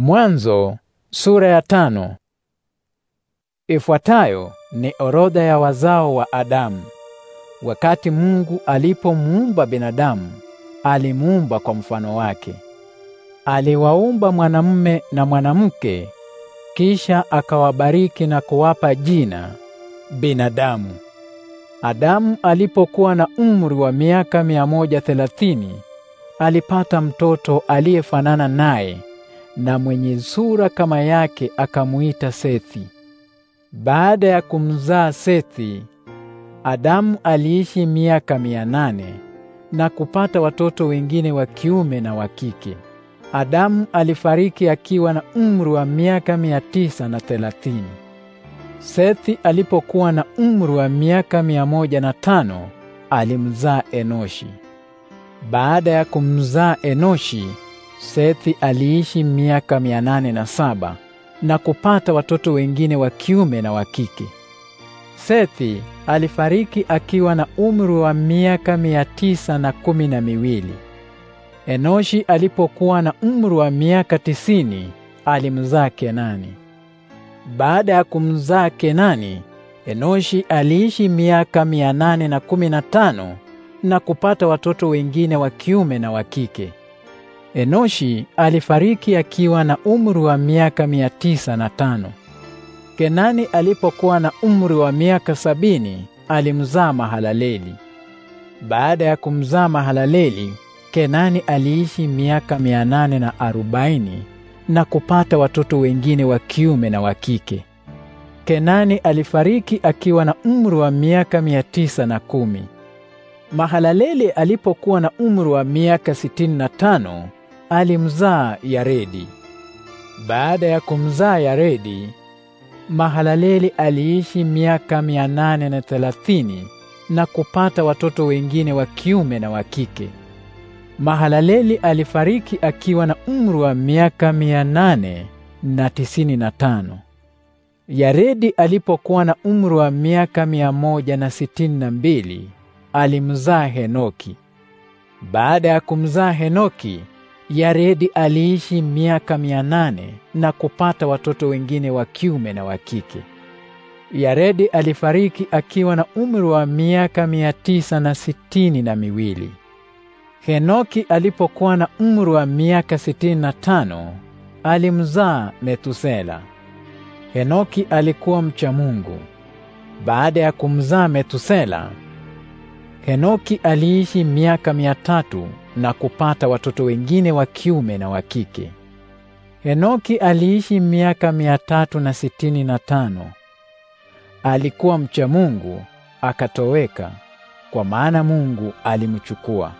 Mwanzo sura ya tano. Ifuatayo ni orodha ya wazao wa Adamu. Wakati Mungu alipomuumba binadamu, alimuumba kwa mfano wake. Aliwaumba mwanamume na mwanamke, kisha akawabariki na kuwapa jina binadamu. Adamu alipokuwa na umri wa miaka mia moja thelathini, alipata mtoto aliyefanana naye na mwenye sura kama yake akamuita Sethi. Baada ya kumzaa Sethi, Adamu aliishi miaka mia nane na kupata watoto wengine wa kiume na wa kike. Adamu alifariki akiwa na umri wa miaka mia tisa na thelathini. Sethi alipokuwa na umri wa miaka mia moja na tano alimzaa Enoshi. Baada ya kumzaa Enoshi Sethi aliishi miaka mia nane na saba na kupata watoto wengine wa kiume na wa kike. Sethi alifariki akiwa na umri wa miaka mia tisa na kumi na miwili. Enoshi alipokuwa na umri wa miaka tisini alimzaa Kenani. Baada ya kumzaa Kenani, Enoshi aliishi miaka mia nane na kumi na tano na kupata watoto wengine wa kiume na wa kike. Enoshi alifariki akiwa na umri wa miaka mia tisa na tano. Kenani alipokuwa na umri wa miaka sabini alimzaa Mahalaleli. Baada ya kumzaa Mahalaleli, Kenani aliishi miaka mia nane na arobaini na kupata watoto wengine wa kiume na wa kike. Kenani alifariki akiwa na umri wa miaka mia tisa na kumi. Mahalaleli alipokuwa na umri wa miaka sitini na tano alimzaa Yaredi. Baada ya kumzaa Yaredi, Mahalaleli aliishi miaka mia nane na thelathini na kupata watoto wengine wa kiume na wa kike. Mahalaleli alifariki akiwa na umri wa miaka mia nane na tisini na tano. Yaredi alipokuwa na umri wa miaka mia moja na sitini na mbili alimzaa Henoki. Baada ya kumzaa Henoki, Yaredi aliishi miaka mia nane na kupata watoto wengine wa kiume na wa kike. Yaredi alifariki akiwa na umri wa miaka mia tisa na sitini na miwili. Henoki alipokuwa na umri wa miaka sitini na tano alimzaa Metusela. Henoki alikuwa mcha Mungu. Baada ya kumzaa Metusela Henoki aliishi miaka mia tatu na kupata watoto wengine wa kiume na wa kike. Henoki aliishi miaka mia tatu na sitini na tano. Alikuwa mcha Mungu akatoweka, kwa maana Mungu alimchukua.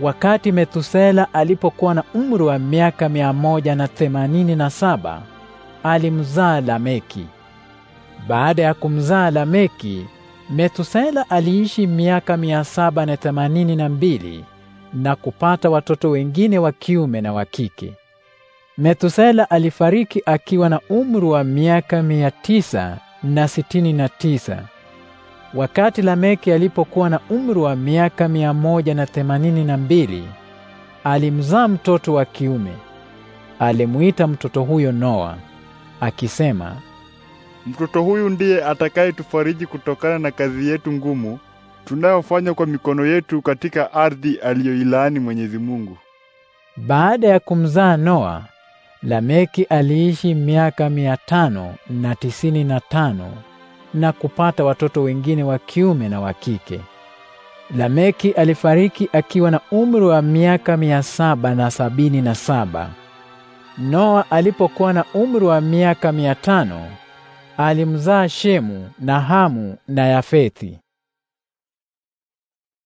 Wakati Methusela alipokuwa na umri wa miaka mia moja na themanini na saba alimzaa Lameki. Baada ya kumzaa Lameki, Metusela aliishi miaka mia saba na themanini na mbili na kupata watoto wengine wa kiume na wa kike. Metusela alifariki akiwa na umri wa miaka mia tisa na sitini na tisa wakati Lameki alipokuwa na umri wa miaka mia moja na themanini na mbili alimzaa mtoto wa kiume. Alimuita mtoto huyo Noa akisema Mtoto huyu ndiye atakayetufariji kutokana na kazi yetu ngumu tunayofanya kwa mikono yetu katika ardhi aliyoilaani Mwenyezi Mungu. Baada ya kumzaa Noa, Lameki aliishi miaka mia tano na tisini na tano na kupata watoto wengine wa kiume na wa kike. Lameki alifariki akiwa na umri wa miaka mia saba na sabini na saba. Noa alipokuwa na umri wa miaka mia tano alimzaa Shemu na Hamu na Yafethi.